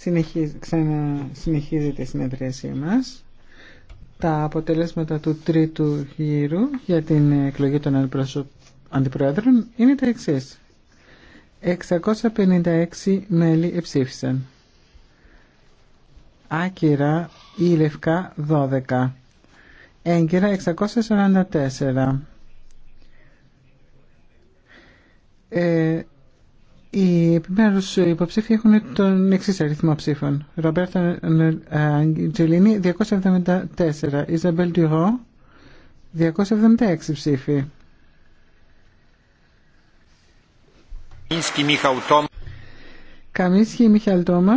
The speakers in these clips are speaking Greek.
Συνεχίζει, ξανα, η συνεδρίασή μας. Τα αποτελέσματα του τρίτου γύρου για την εκλογή των αντιπρόεδρων είναι τα εξή. 656 μέλη εψήφισαν. Άκυρα ή λευκά 12. Έγκυρα 644. Οι επιμέρου υποψήφοι έχουν τον εξή αριθμό ψήφων. Ρομπέρτα ε, Αγγελίνη 274, Ιζαμπέλ Τιγό, 276 ψήφοι. Καμίσχη Μιχαλ Τόμα.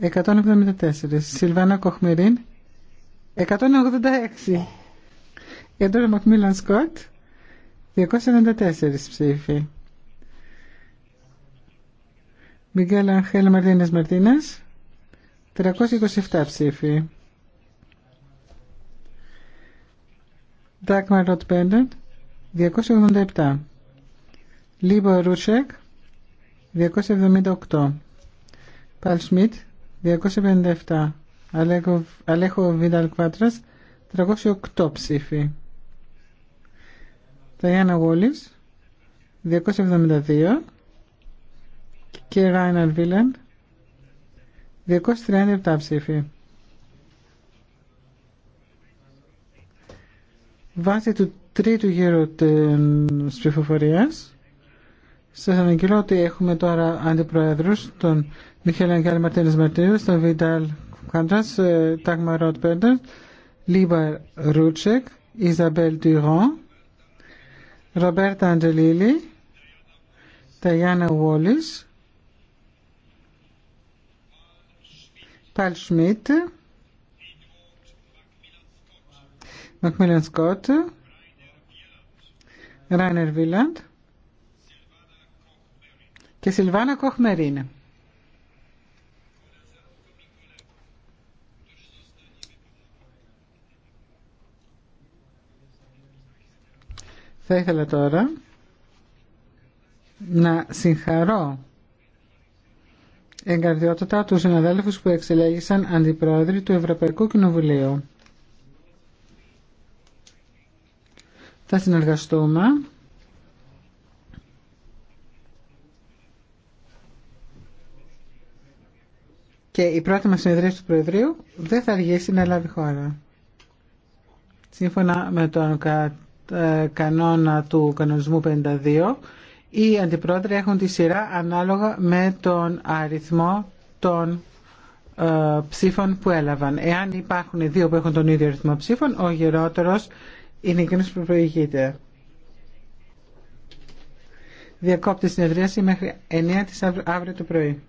174, Σιλβάνα Κοχμερίν 186, Έντορα Μακμίλαν Σκοτ 294 ψήφοι. Μιγγέλ Αγχέλ Μαρτίνες Μαρτίνες 327 ψήφοι Δάκμα Ροτ 287 Λίμπο Ρούσεκ 278 Παλ Σμιτ 257 Αλέχο Βίνταλ Κβάτρας 308 ψήφοι Ταϊάννα Γόλις, 272 Κύριε Ράιναρ Βίλεν, 237 ψήφοι. Βάσει του τρίτου γύρου της ψηφοφορίας, σας αναγγείλω ότι έχουμε τώρα αντιπροέδρους, τον Μιχαήλ Αγγέλ Μαρτίνες Μαρτίνες, τον Βιντάλ Κάντρας, ε, Τάγμα Ροτ Πέντερ, Λίμπα Ρούτσεκ, Ιζαμπέλ Τουιγόν, Ρομπέρτα Αντζελίλη, Ταγιάννα Βόλης, Παλ Σμιτ, Μακμίλαν Σκότ, Ράινερ Βίλαντ και Σιλβάνα Κοχμερίνε. Θα ήθελα τώρα να συγχαρώ εγκαρδιότητα τους συναδέλφους που εξελέγησαν αντιπρόεδροι του Ευρωπαϊκού Κοινοβουλίου. Θα συνεργαστούμε και η πρώτη μας συνεδρία του Προεδρείου δεν θα αργήσει να λάβει χώρα. Σύμφωνα με τον ε, κανόνα του κανονισμού 52, οι αντιπρόεδροι έχουν τη σειρά ανάλογα με τον αριθμό των ε, ψήφων που έλαβαν. Εάν υπάρχουν δύο που έχουν τον ίδιο αριθμό ψήφων, ο γερότερος είναι εκείνος που προηγείται. Διακόπτη συνεδρίαση μέχρι 9 της αύριο, το πρωί.